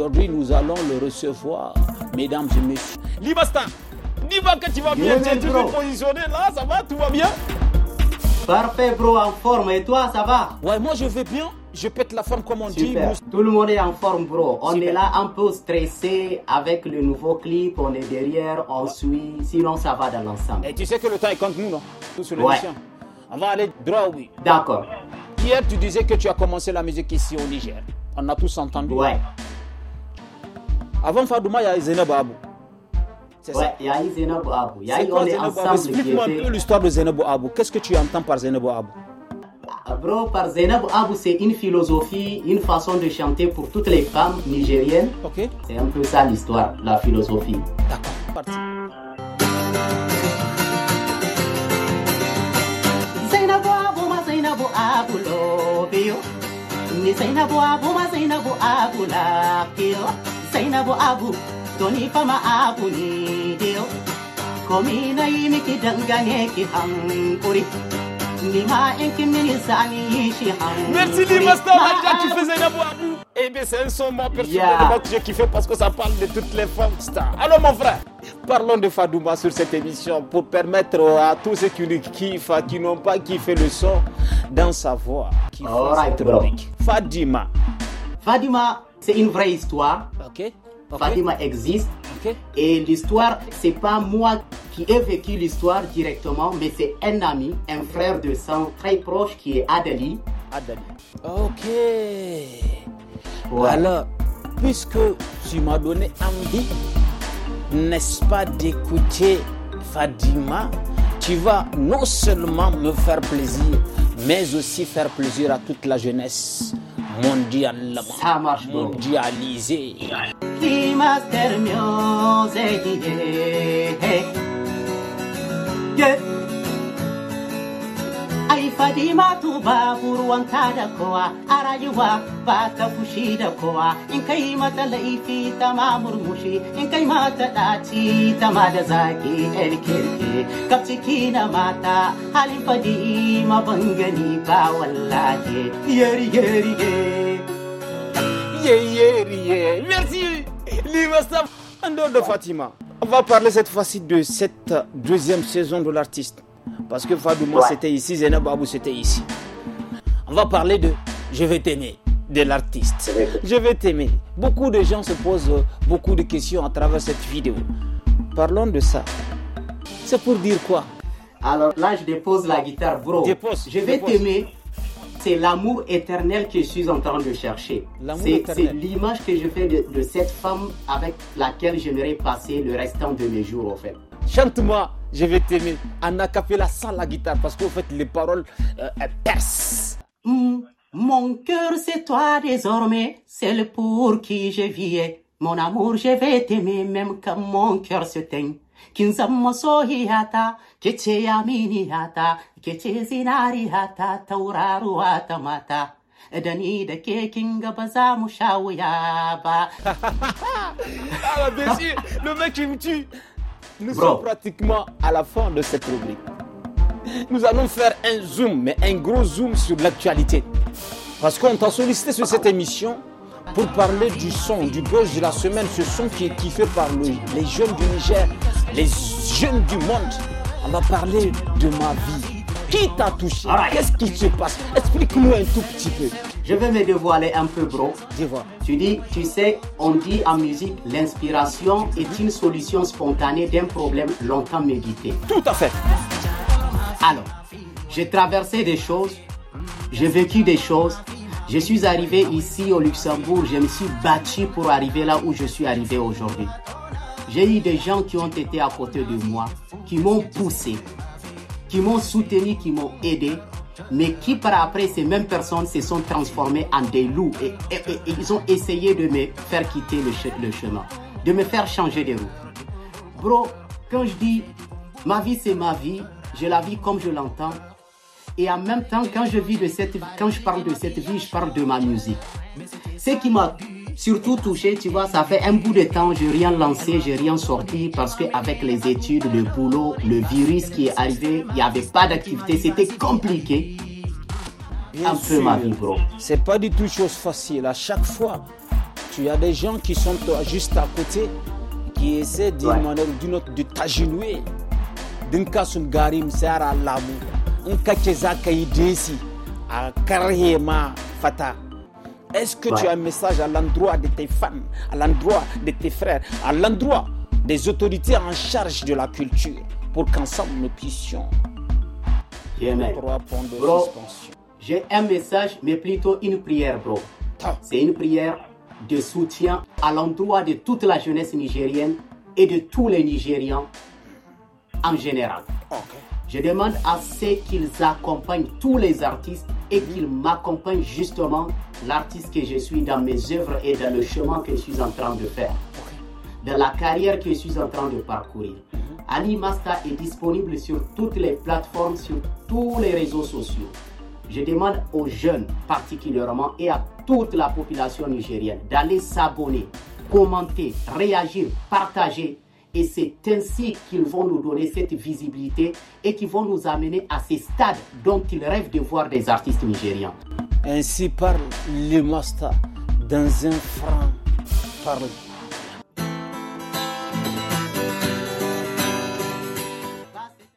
Aujourd'hui, nous allons le recevoir, mesdames et messieurs. Libasta, dis va que tu vas bien, tu es positionné là, ça va, tout va bien Parfait, bro, en forme. Et toi, ça va Ouais, moi je vais bien. Je pète la forme comme on dit. Tout le monde est en forme, bro. On est là un peu stressé avec le nouveau clip. On est derrière, on suit. Sinon, ça va dans l'ensemble. Et tu sais que le temps est contre nous, non sur Ouais. On va aller droit oui. D'accord. Hier, tu disais que tu as commencé la musique ici au Niger. On a tous entendu. Ouais. Avant Fadouma, il y a Zainab Abou. C'est ouais, Il y a eu Abu. Abou. Explique-moi un peu l'histoire de Zainab Abou. Qu'est-ce que tu entends par Zainab Abou ah, Bro, par Zainab Abou, c'est une philosophie, une façon de chanter pour toutes les femmes nigériennes. C'est un peu ça l'histoire, la philosophie. D'accord, parti. Abou, ma Abou, zainabu abu to ni fama abu ne deo komi na yi miki dangane ki hankuri Merci Limaster Raja qui faisait la voix Eh bien c'est un son moi personnellement que j'ai kiffé parce que ça parle de toutes les femmes stars. Alors mon frère, parlons de Fadouma sur cette émission pour permettre à tous ceux qui nous kiffent, qui n'ont pas kiffé le son, d'en savoir. Qui right, Fadima. Fadima, c'est une vraie histoire. Fatima existe. Et l'histoire, c'est pas moi qui ai vécu l'histoire directement, mais c'est un ami, un frère de sang très proche qui est Adali. Adali. Ok. Voilà. Alors, puisque tu m'as donné envie, n'est-ce pas, d'écouter Fadima, tu vas non seulement me faire plaisir, mais aussi faire plaisir à toute la jeunesse mondial, ça marche mondialisé. fadima tuba burwanta kada kowa a rayuwa ba ta fushi kowa in kai mata laifi ta murmushi in kai mata ɗaci ta ma da zaki yar kirki kaf kina mata halin fadima wallahi yeri yeri yeri merci Lima Ando de Fatima. On va parler cette fois-ci de cette deuxième saison de l'artiste. Parce que Fadouma, moi c'était ici, Zéna Babou, c'était ici. On va parler de Je vais t'aimer de l'artiste. Je vais t'aimer. Beaucoup de gens se posent beaucoup de questions à travers cette vidéo. Parlons de ça. C'est pour dire quoi Alors là, je dépose la guitare, bro. je vais t'aimer. C'est l'amour éternel que je suis en train de chercher. C'est l'image que je fais de, de, cette femme avec laquelle j'aimerais passer le restant de mes jours, en fait. Chante-moi je vais t'aimer. En acapella sans la guitare, parce qu'en fait, les paroles euh, elles percent. Hmm, mon cœur, c'est toi désormais, c'est le pour qui je vis. Mon amour, je vais t'aimer même quand mon cœur se teigne. kinsammo sohihata jeche kete keche zinarihata kete mata da tauraru kekinga mata. kin ga ba za mu le mec, il me tue. Nous sommes pratiquement à la fin de cette rubrique. Nous allons faire un zoom, mais un gros zoom sur l'actualité. Parce qu'on t'a sollicité sur cette émission pour parler du son, du buzz de la semaine, ce son qui est kiffé par les jeunes du Niger, les jeunes du monde. On va parler de ma vie. Qui t'a touché Qu'est-ce qui se passe Explique-nous un tout petit peu je vais me dévoiler un peu, bro. Dis-moi. Tu dis, tu sais, on dit en musique, l'inspiration est une solution spontanée d'un problème longtemps médité. Tout à fait. Alors, j'ai traversé des choses, j'ai vécu des choses. Je suis arrivé ici au Luxembourg, je me suis battu pour arriver là où je suis arrivé aujourd'hui. J'ai eu des gens qui ont été à côté de moi, qui m'ont poussé, qui m'ont soutenu, qui m'ont aidé, mais qui par après, ces mêmes personnes se sont transformées en des loups et, ils ont essayé de me faire quitter le, chemin, de me faire changer de route. Bro, quand je dis ma vie, c'est ma vie, je la vis comme je l'entends. Et en même temps, quand je, vis de cette, quand je parle de cette vie, je parle de ma musique. Ce qui m'a Surtout touché, tu vois, ça fait un bout de temps, je rien lancé, je rien sorti parce que avec les études, le boulot, le virus qui est arrivé, il n'y avait pas d'activité, c'était compliqué. un peu ma vie, bro. C'est pas du tout chose facile. À chaque fois, tu as des gens qui sont juste à côté, qui essaient d'une manière ou d'une autre de t'agenouer, D'un cas, garim, c'est à l'amour. Un cas, tu as à fata. Est-ce que tu as un message à l'endroit de tes femmes, à l'endroit de tes frères, à l'endroit des autorités en charge de la culture pour qu'ensemble nous puissions J'ai un message, mais plutôt une prière, bro. Ah. C'est une prière de soutien à l'endroit de toute la jeunesse nigérienne et de tous les Nigérians en général. Je demande à ceux qu'ils accompagnent tous les artistes et qu'il m'accompagne justement l'artiste que je suis dans mes œuvres et dans le chemin que je suis en train de faire, dans la carrière que je suis en train de parcourir. Ali Masta est disponible sur toutes les plateformes, sur tous les réseaux sociaux. Je demande aux jeunes particulièrement et à toute la population nigérienne d'aller s'abonner, commenter, réagir, partager et c'est ainsi qu'ils vont nous donner cette visibilité et qui vont nous amener à ces stades dont ils rêvent de voir des artistes nigérians. Ainsi parle le master dans un franc parle.